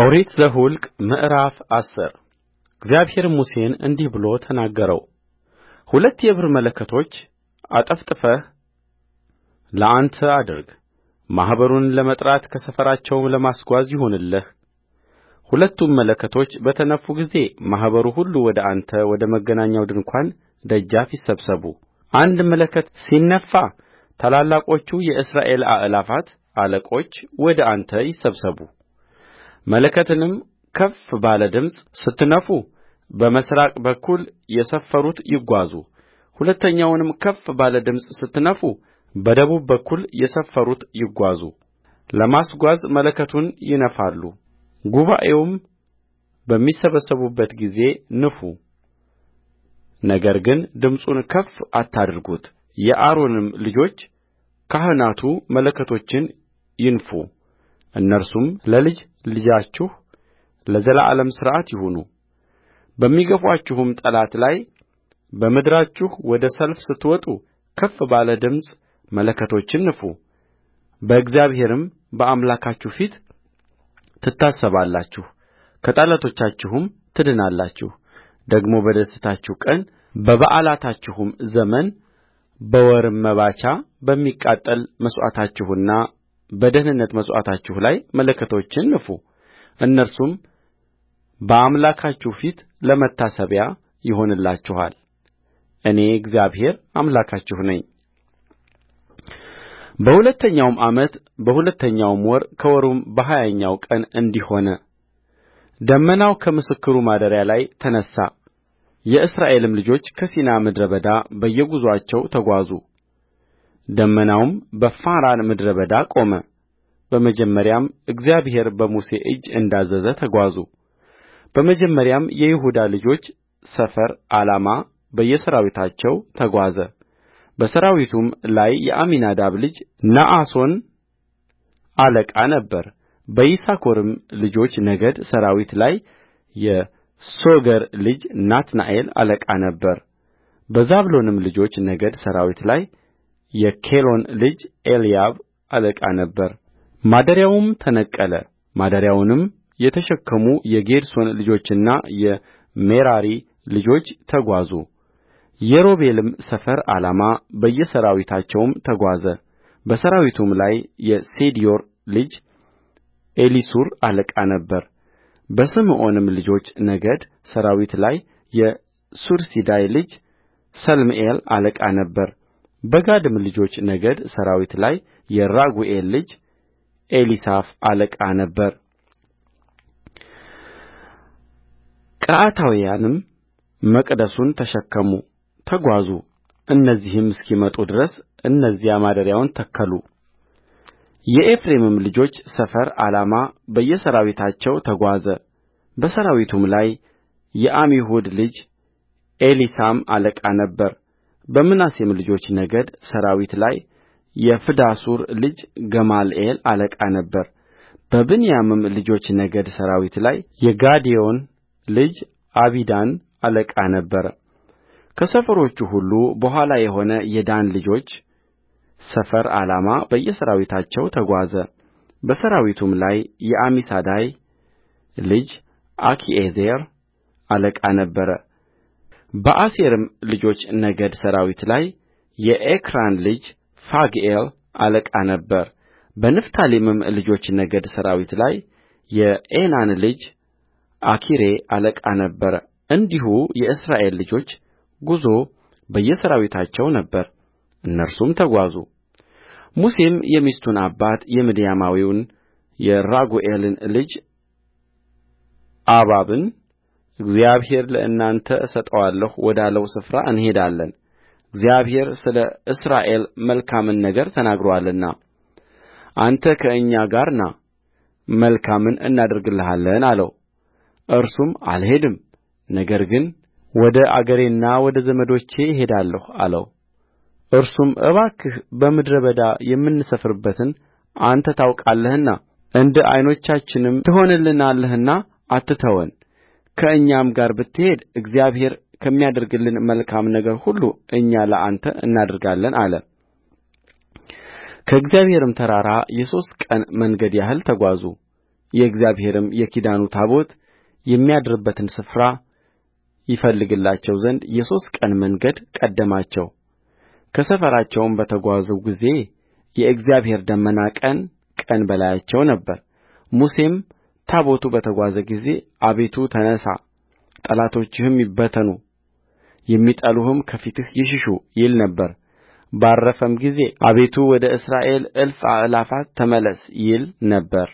ኦሪት ዘኍልቍ ምዕራፍ አስር እግዚአብሔርም ሙሴን እንዲህ ብሎ ተናገረውሁለት የብር መለከቶች አጠፍጥፈህ ለአንተ አድርግ ማኅበሩን ለመጥራት ከሰፈራቸውም ለማስጓዝ ይሁንልህ ሁለቱም መለከቶች በተነፉ ጊዜ ማኅበሩ ሁሉ ወደ አንተ ወደ መገናኛው ድንኳን ደጃፍ ይሰብሰቡ።አንድ መለከት ሲነፋ ታላላቆቹ የእስራኤል አእላፋት አለቆች ወደ አንተ ይሰብሰቡ መለከትንም ከፍ ባለ ድምፅ ስትነፉ በምሥራቅ በኩል የሰፈሩት ይጓዙ ሁለተኛውንም ከፍ ባለ ድምፅ ስትነፉ በደቡብ በኩል የሰፈሩት ይጓዙ ለማስጓዝ መለከቱን ይነፋሉ ጉባኤውም በሚሰበሰቡበት ጊዜ ንፉ፣ ነገር ግን ድምፁን ከፍ አታድርጉት። የአሮንም ልጆች ካህናቱ መለከቶችን ይንፉ እነርሱም ለልጅ ልጃችሁ ለዘላለም ሥርዓት ይሁኑ በሚገፋችሁም ጠላት ላይ በምድራችሁ ወደ ሰልፍ ስትወጡ ከፍ ባለ ድምፅ መለከቶችን ንፉ በእግዚአብሔርም በአምላካችሁ ፊት ትታሰባላችሁ ከጠላቶቻችሁም ትድናላችሁ። ደግሞ በደስታችሁ ቀን በበዓላታችሁም ዘመን በወርም መባቻ በሚቃጠል መሥዋዕታችሁና በደኅንነት መሥዋዕታችሁ ላይ መለከቶችን ንፉ እነርሱም በአምላካችሁ ፊት ለመታሰቢያ ይሆኑላችኋል እኔ እግዚአብሔር አምላካችሁ ነኝ በሁለተኛውም ዓመት በሁለተኛው ወር ከወሩም በሀያኛው ቀን እንዲህ ሆነ ደመናው ከምስክሩ ማደሪያ ላይ ተነሣ የእስራኤልም ልጆች ከሲና ምድረ በዳ በየጕዞአቸው ተጓዙ ደመናውም በፋራን ምድረ በዳ በመጀመሪያም እግዚአብሔር በሙሴ እጅ እንዳዘዘ ተጓዙ በመጀመሪያም የይሁዳ ልጆች ሰፈር ዓላማ በየሠራዊታቸው ተጓዘ በሠራዊቱም ላይ የአሚናዳብ ልጅ ነአሶን አለቃ ነበረ በይሳኮርም ልጆች ነገድ ሠራዊት ላይ የሶገር ልጅ ናትናኤል አለቃ በዛብሎንም ልጆች ነገድ ሠራዊት ላይ የኬሎን ልጅ ኤልያብ አለቃ ነበረማደሪያውም ተነቀለ ማደሪያውንም የተሸከሙ የጌድሶን ልጆችና የሜራሪ ልጆች ተጓዙ የሮቤልም ሰፈር ዓላማ በየሠራዊታቸው ተጓዘ በሠራዊቱም ላይ የሴዲዮር ልጅ ኤሊሱር አለቃ ነበረበስምዖንም ልጆች ነገድ ሠራዊት ላይ የሱሪሰዳይ ልጅ ሰልምኤል አለቃ ነበረ በጋድም ልጆች ነገድ ሠራዊት ላይ የራጉኤል ልጅ ኤሊሳፍ አለቃ ነበረቀዓታውያንም መቅደሱን ተሸከሙ ተጓዙ እነዚህም እስኪመጡ ድረስ እነዚያ ማደሪያውን ተከሉ የኤፍሬምም ልጆች ሰፈር ዓላማ በየሠራዊታቸው ተጓዘ በሠራዊቱም ላይ የዓሚሁድ ልጅ ኤሊሳማ አለቃ ነበረ በምናሴም ልጆች ነገድ ሠራዊት ላይ የፍዳሱር ልጅ ገማልኤል አለቃ ነበረበብንያምም ልጆች ነገድ ሠራዊት ላይ የጋዴዮን ልጅ አቢዳን አለቃ ነበረከሰፈሮቹ ሁሉ በኋላ የሆነ የዳን ልጆች ሰፈር ዓላማ በየሠራዊታቸው ተጓዘ በሠራዊቱም ላይ የአሚሳዳይ ልጅ አኪዔዘር አለቃ ነበረ በአሴርም ልጆች ነገድ ሠራዊት ላይ የኤክራን ልጅ ፋግኤል አለቃ ነበረበንፍታሌምም ልጆች ነገድ ሠራዊት ላይ የዔናን ልጅ አኪሬ አለቃ ነበረእንዲሁ የእስራኤል ልጆች ጕዞ በየሠራዊታቸው ነበረ እነርሱም ተጓዙሙሴም የሚስቱን አባት የምድያማዊውን የራጉኤልን ልጅ አባብን። እግዚአብሔር ለእናንተ እሰጠዋለሁ ወዳለው ስፍራ እንሄዳለን እግዚአብሔር ስለ እስራኤል መልካምን ነገር ተናግሮአልና አንተ ከእኛ ጋር ና መልካምን እናደርግልሃለን እርሱም አልሄድም ነገር ግን ወደ አገሬና ወደ ዘመዶቼ እሄዳለሁ አለው እርሱም እባክህ በምድረ በዳ የምንሰፍርበትን አንተ ታውቃለህና እንደ ዓይኖቻችንም ትሆንልናለህና አትተወን ከእኛም ጋር ብትሄድ እግዚአብሔር ከሚያደርግልን መልካም ነገር ሁሉ እኛ ለአንተ እናደርጋለን አለ ከእግዚአብሔርም ተራራ የሦስት ቀን መንገድ ያህል ተጓዙ የእግዚአብሔርም የኪዳኑ ታቦት የሚያድርበትን ስፍራ ይፈልግላቸው ዘንድ የሦስት ቀን መንገድ ቀደማቸው ከሰፈራቸውም በተጓዙ ጊዜ የእግዚአብሔር ደመና ቀን ቀን በላያቸው ነበረ ሙሴም ታቦቱ በተጓዘ ጊዜ አቤቱ ተነሣ ጠላቶችህም ይበተኑ የሚጠሉህም ከፊትህ ይሽሹ ይል ነበር ባረፈም ጊዜ አቤቱ ወደ እስራኤል እልፍ አእላፋት ተመለስ ይል ነበር